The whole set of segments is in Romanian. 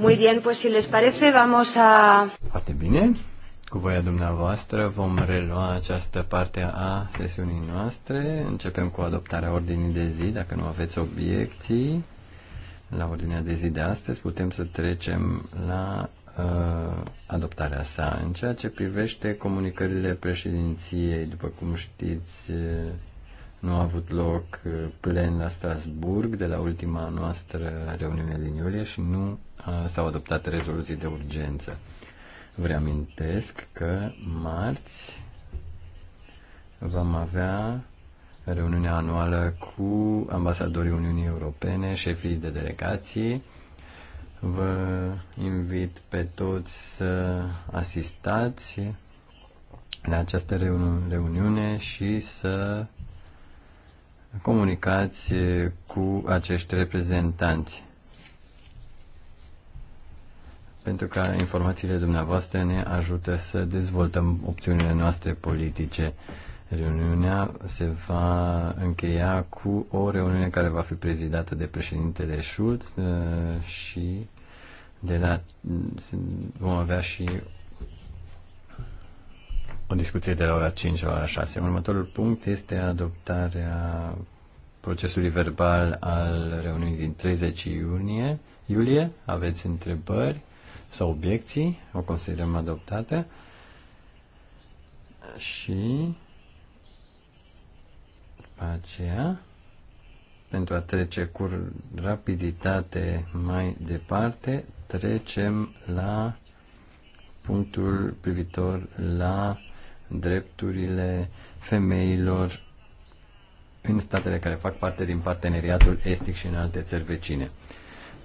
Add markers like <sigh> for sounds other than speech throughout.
Muy bien, pues si les parece, vamos a... Foarte bine. Cu voia dumneavoastră vom relua această parte a sesiunii noastre. Începem cu adoptarea ordinii de zi. Dacă nu aveți obiecții la ordinea de zi de astăzi, putem să trecem la uh, adoptarea sa. În ceea ce privește comunicările președinției, după cum știți, uh, nu a avut loc uh, plen la Strasburg de la ultima noastră reuniune din iulie și nu uh, s-au adoptat rezoluții de urgență. Vă reamintesc că marți vom avea reuniunea anuală cu ambasadorii Uniunii Europene, șefii de delegații. Vă invit pe toți să asistați la această reuniune și să comunicați eh, cu acești reprezentanți pentru că informațiile dumneavoastră ne ajută să dezvoltăm opțiunile noastre politice. Reuniunea se va încheia cu o reuniune care va fi prezidată de președintele Schulz eh, și de la, vom avea și o discuție de la ora 5 la ora 6. Următorul punct este adoptarea procesului verbal al reuniunii din 30 iunie. Iulie, aveți întrebări sau obiecții? O considerăm adoptată. Și după aceea, pentru a trece cu rapiditate mai departe, trecem la punctul privitor la drepturile femeilor în statele care fac parte din parteneriatul estic și în alte țări vecine.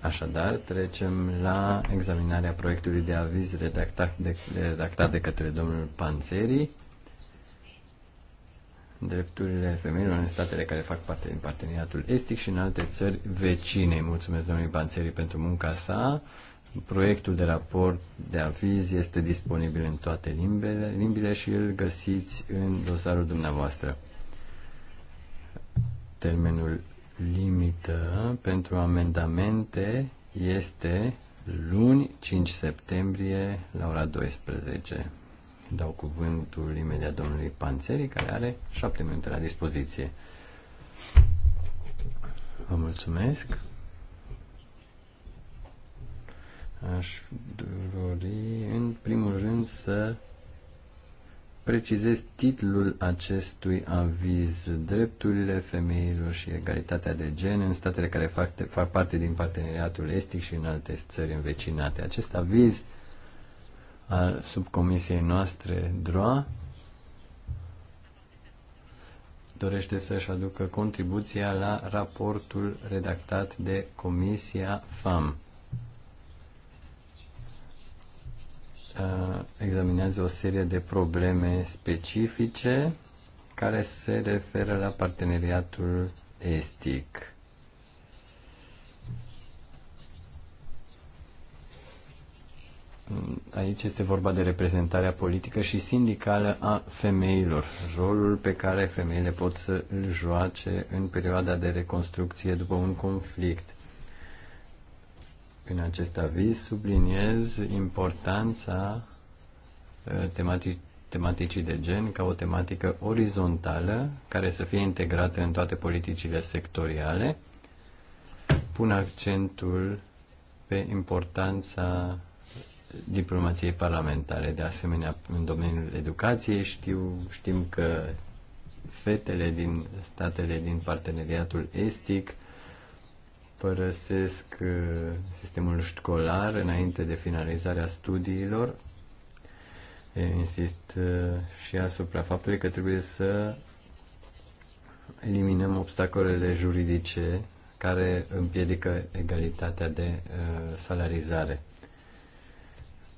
Așadar, trecem la examinarea proiectului de aviz redactat de, redactat de către domnul Panzeri. Drepturile femeilor în statele care fac parte din parteneriatul estic și în alte țări vecine. Mulțumesc domnului Panzeri pentru munca sa Proiectul de raport de aviz este disponibil în toate limbele, limbile și îl găsiți în dosarul dumneavoastră. Termenul limită pentru amendamente este luni 5 septembrie la ora 12. Dau cuvântul imediat domnului Panțeri, care are 7 minute la dispoziție. Vă mulțumesc. Aș dori, în primul rând, să precizez titlul acestui aviz, Drepturile femeilor și egalitatea de gen în statele care fac, fac parte din parteneriatul estic și în alte țări învecinate. Acest aviz al subcomisiei noastre DROA dorește să-și aducă contribuția la raportul redactat de Comisia FAM. examinează o serie de probleme specifice care se referă la parteneriatul estic. Aici este vorba de reprezentarea politică și sindicală a femeilor, rolul pe care femeile pot să îl joace în perioada de reconstrucție după un conflict. În acest aviz subliniez importanța uh, tematic, tematicii de gen ca o tematică orizontală care să fie integrată în toate politicile sectoriale. Pun accentul pe importanța diplomației parlamentare. De asemenea, în domeniul educației știu, știm că fetele din statele din parteneriatul estic părăsesc uh, sistemul școlar înainte de finalizarea studiilor. Insist uh, și asupra faptului că trebuie să eliminăm obstacolele juridice care împiedică egalitatea de uh, salarizare.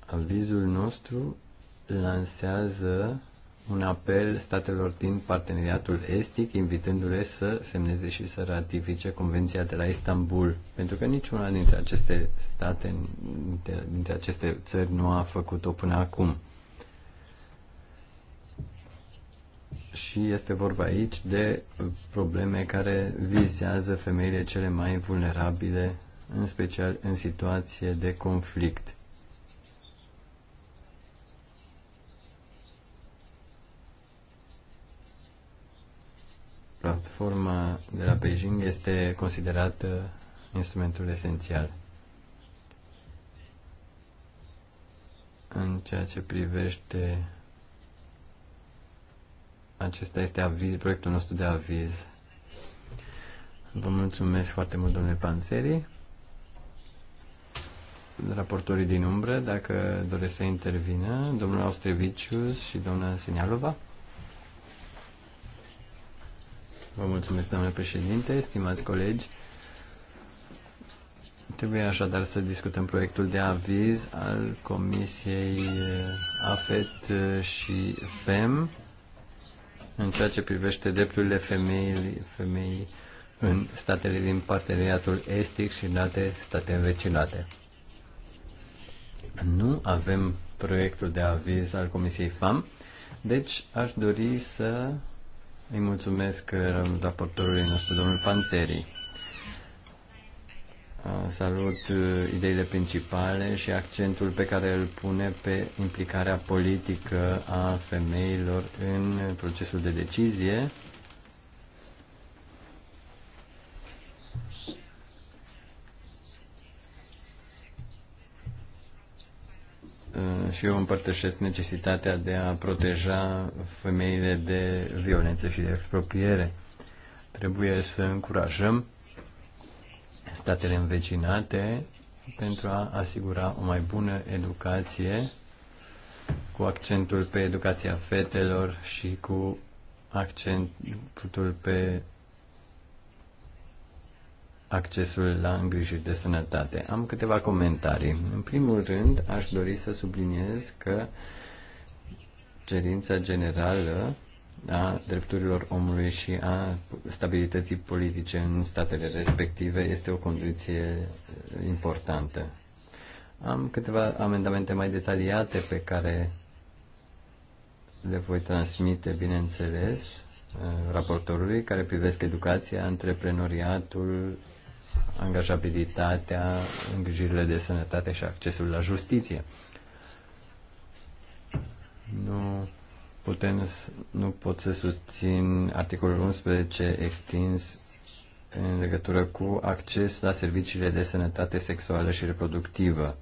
Avizul nostru lansează un apel statelor din parteneriatul estic, invitându-le să semneze și să ratifice Convenția de la Istanbul, pentru că niciuna dintre aceste state, dintre aceste țări nu a făcut-o până acum. Și este vorba aici de probleme care vizează femeile cele mai vulnerabile, în special în situație de conflict de la Beijing este considerat uh, instrumentul esențial. În ceea ce privește acesta este aviz, proiectul nostru de aviz. Vă mulțumesc foarte mult, domnule Panzeri. Raportorii din umbră, dacă doresc să intervină, domnul Austrevicius și doamna Sinialova. Vă mulțumesc, doamne președinte, stimați colegi. Trebuie așadar să discutăm proiectul de aviz al Comisiei eh, AFET eh, și FEM în ceea ce privește drepturile femeii, femeii în statele din parteneriatul estic și în alte state învecinate. Nu avem proiectul de aviz al Comisiei FAM, deci aș dori să îi mulțumesc uh, raportorului nostru, domnul Panzeri. Uh, salut uh, ideile principale și accentul pe care îl pune pe implicarea politică a femeilor în procesul de decizie Uh, și eu împărtășesc necesitatea de a proteja femeile de violență și de expropiere. Trebuie să încurajăm statele învecinate pentru a asigura o mai bună educație cu accentul pe educația fetelor și cu accentul pe accesul la îngrijiri de sănătate. Am câteva comentarii. În primul rând, aș dori să subliniez că cerința generală a drepturilor omului și a stabilității politice în statele respective este o condiție importantă. Am câteva amendamente mai detaliate pe care le voi transmite, bineînțeles, Uh, raportorului care privesc educația, antreprenoriatul, angajabilitatea, îngrijirile de sănătate și accesul la justiție. Nu, putem, nu pot să susțin articolul 11 extins în legătură cu acces la serviciile de sănătate sexuală și reproductivă.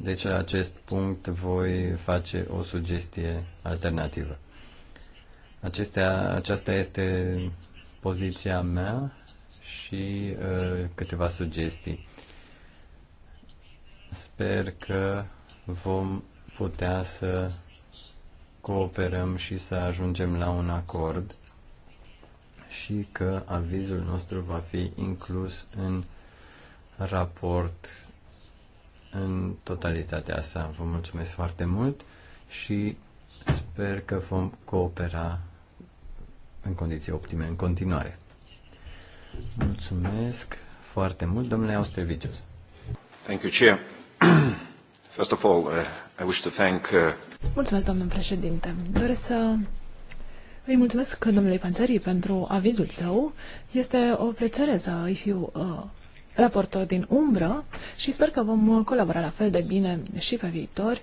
Deci la acest punct voi face o sugestie alternativă. Acestea, aceasta este poziția mea și uh, câteva sugestii. Sper că vom putea să cooperăm și să ajungem la un acord și că avizul nostru va fi inclus în raport în totalitatea sa. Vă mulțumesc foarte mult și Sper că vom coopera în condiții optime în continuare. Mulțumesc foarte mult, domnule Austrevicius. Thank you, Chair. <clears throat> First of all, uh, I wish to thank... Uh... Mulțumesc, domnule președinte. Doresc să îi mulțumesc că domnului Panțării pentru avizul său. Este o plăcere să îi fiu uh, raportor din umbră și sper că vom colabora la fel de bine și pe viitor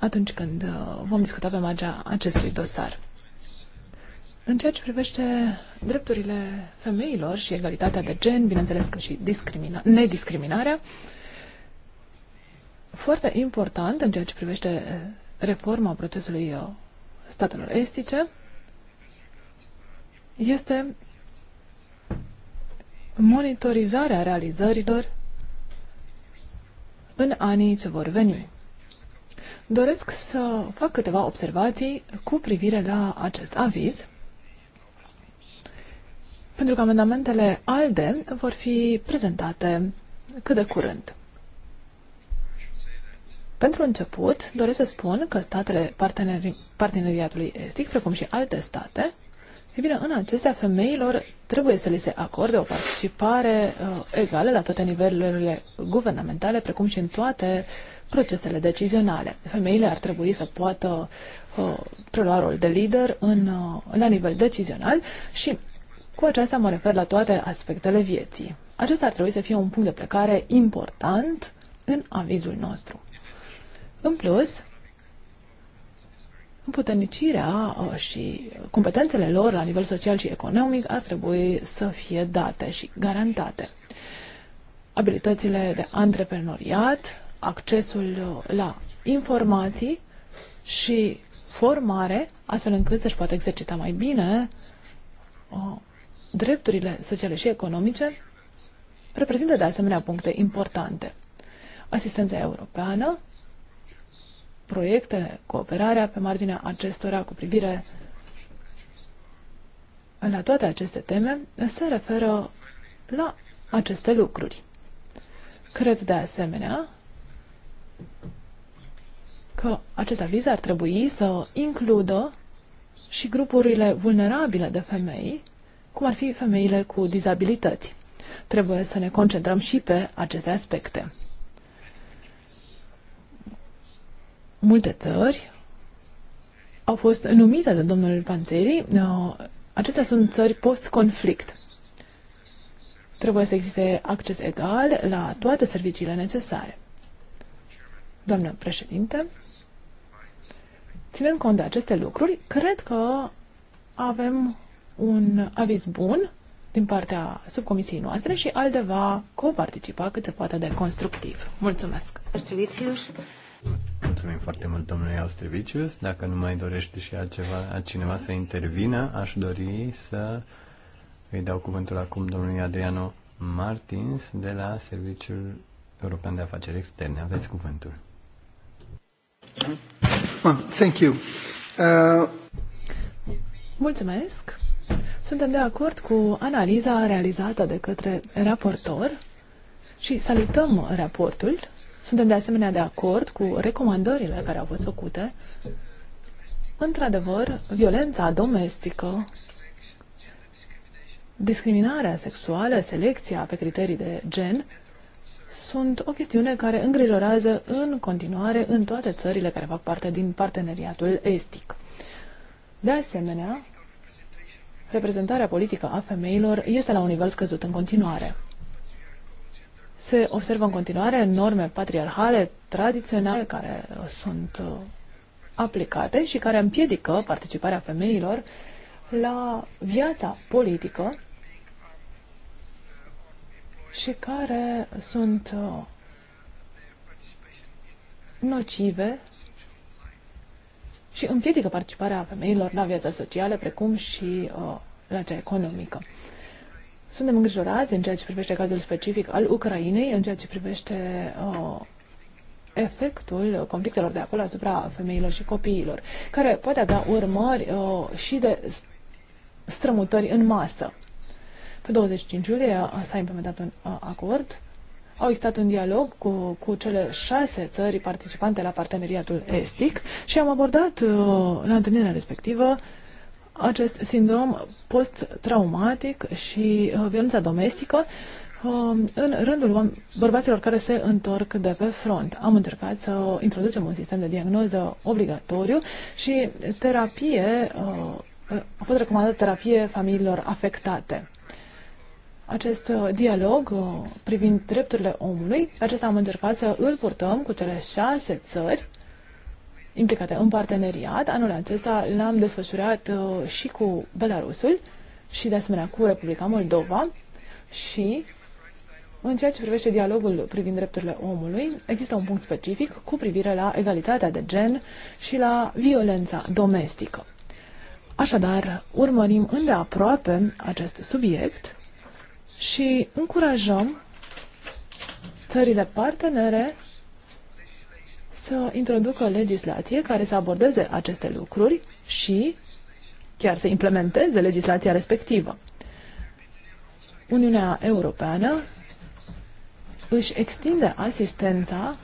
atunci când uh, vom discuta pe magia acestui dosar. În ceea ce privește drepturile femeilor și egalitatea de gen, bineînțeles că și discrimina- nediscriminarea, foarte important în ceea ce privește uh, reforma procesului uh, statelor estice este monitorizarea realizărilor în anii ce vor veni. Doresc să fac câteva observații cu privire la acest aviz, pentru că amendamentele ALDE vor fi prezentate cât de curând. Pentru început, doresc să spun că statele parteneri, parteneriatului estic, precum și alte state, ei bine, în acestea femeilor trebuie să li se acorde o participare uh, egală la toate nivelurile guvernamentale, precum și în toate procesele decizionale. Femeile ar trebui să poată uh, prelua rol de lider în, uh, la nivel decizional și cu aceasta mă refer la toate aspectele vieții. Acesta ar trebui să fie un punct de plecare important în avizul nostru. În plus, Împuternicirea uh, și competențele lor la nivel social și economic ar trebui să fie date și garantate. Abilitățile de antreprenoriat, accesul uh, la informații și formare, astfel încât să-și poată exercita mai bine uh, drepturile sociale și economice, reprezintă de asemenea puncte importante. Asistența europeană proiecte, cooperarea pe marginea acestora cu privire la toate aceste teme se referă la aceste lucruri. Cred de asemenea că acest aviz ar trebui să includă și grupurile vulnerabile de femei, cum ar fi femeile cu dizabilități. Trebuie să ne concentrăm și pe aceste aspecte. multe țări au fost numite de domnul Panțeri. Acestea sunt țări post-conflict. Trebuie să existe acces egal la toate serviciile necesare. Doamnă președinte, ținând cont de aceste lucruri, cred că avem un aviz bun din partea subcomisiei noastre și Alde va coparticipa cât se poate de constructiv. Mulțumesc! Mulțumim foarte mult, domnule Austrevicius. Dacă nu mai dorește și altceva, altcineva să intervină, aș dori să îi dau cuvântul acum domnului Adriano Martins de la Serviciul European de Afaceri Externe. Aveți cuvântul. Thank you. Uh... Mulțumesc. Suntem de acord cu analiza realizată de către raportor și salutăm raportul suntem de asemenea de acord cu recomandările care au fost făcute. Într-adevăr, violența domestică, discriminarea sexuală, selecția pe criterii de gen sunt o chestiune care îngrijorează în continuare în toate țările care fac parte din parteneriatul estic. De asemenea, reprezentarea politică a femeilor este la un nivel scăzut în continuare se observă în continuare norme patriarhale, tradiționale, care uh, sunt uh, aplicate și care împiedică participarea femeilor la viața politică și care sunt uh, nocive și împiedică participarea femeilor la viața socială, precum și uh, la cea economică. Suntem îngrijorați în ceea ce privește cazul specific al Ucrainei, în ceea ce privește uh, efectul conflictelor de acolo asupra femeilor și copiilor, care poate avea urmări uh, și de strămutări în masă. Pe 25 iulie s-a implementat un uh, acord. Au existat un dialog cu, cu cele șase țări participante la parteneriatul estic și am abordat uh, la întâlnirea respectivă uh, acest sindrom post-traumatic și uh, violența domestică uh, în rândul bărbaților care se întorc de pe front. Am încercat să introducem un sistem de diagnoză obligatoriu și terapie, uh, a fost recomandată terapie familiilor afectate. Acest dialog privind drepturile omului, acesta am încercat să îl purtăm cu cele șase țări implicate în parteneriat. Anul acesta l-am desfășurat uh, și cu Belarusul și de asemenea cu Republica Moldova și în ceea ce privește dialogul privind drepturile omului, există un punct specific cu privire la egalitatea de gen și la violența domestică. Așadar, urmărim îndeaproape acest subiect și încurajăm țările partenere să introducă legislație care să abordeze aceste lucruri și chiar să implementeze legislația respectivă. Uniunea Europeană își extinde asistența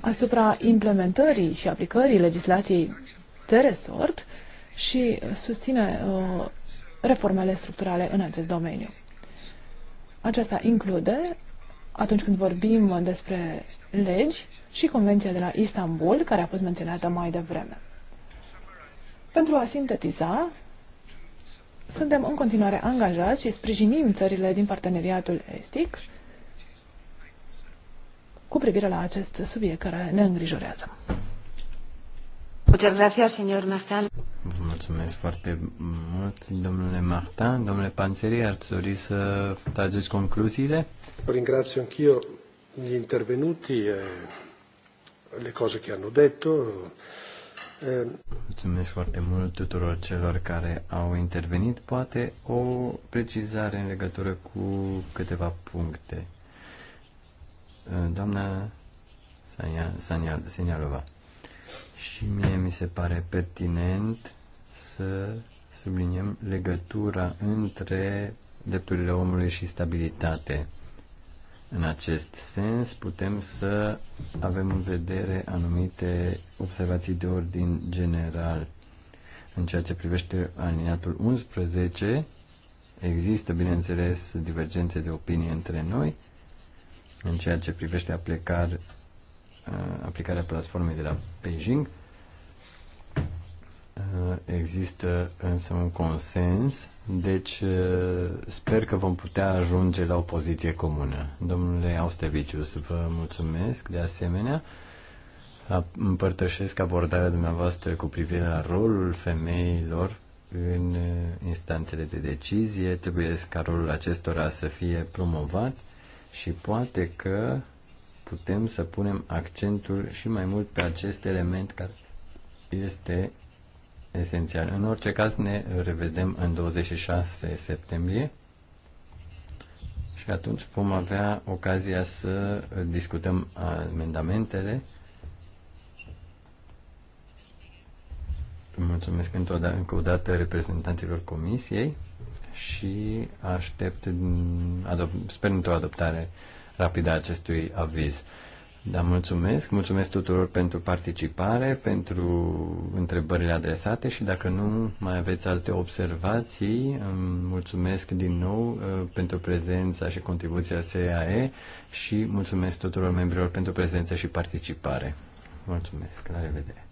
asupra implementării și aplicării legislației de resort și susține uh, reformele structurale în acest domeniu. Aceasta include atunci când vorbim despre legi și Convenția de la Istanbul, care a fost menționată mai devreme. Pentru a sintetiza, suntem în continuare angajați și sprijinim țările din parteneriatul estic cu privire la acest subiect care ne îngrijorează. Mulțumesc foarte mult, domnule Martin. Domnule Panzeri, ați dori să trageți concluziile? Ringrazio anch'io gli intervenuti e le cose che hanno detto. Ehm, mulțumesc foarte mult tuturor celor care au intervenit. Poate o precizare în legătură cu câteva puncte. Eh, doamna Sanialova. Și mie mi se pare pertinent să subliniem legătura între drepturile omului și stabilitate. În acest sens, putem să avem în vedere anumite observații de ordin general. În ceea ce privește aliniatul 11, există, bineînțeles, divergențe de opinie între noi în ceea ce privește aplicar, uh, aplicarea platformei de la Beijing, Uh, există însă un consens, deci uh, sper că vom putea ajunge la o poziție comună. Domnule Austevicius, vă mulțumesc de asemenea. Împărtășesc abordarea dumneavoastră cu privire la rolul femeilor în uh, instanțele de decizie. Trebuie ca rolul acestora să fie promovat și poate că putem să punem accentul și mai mult pe acest element care este esențial. În orice caz ne revedem în 26 septembrie și atunci vom avea ocazia să discutăm amendamentele. Mulțumesc da-, încă o dată reprezentanților comisiei și aștept, sper într-o adoptare rapidă a acestui aviz. Da, mulțumesc. Mulțumesc tuturor pentru participare, pentru întrebările adresate și dacă nu mai aveți alte observații, mulțumesc din nou uh, pentru prezența și contribuția SAE și mulțumesc tuturor membrilor pentru prezența și participare. Mulțumesc. La revedere.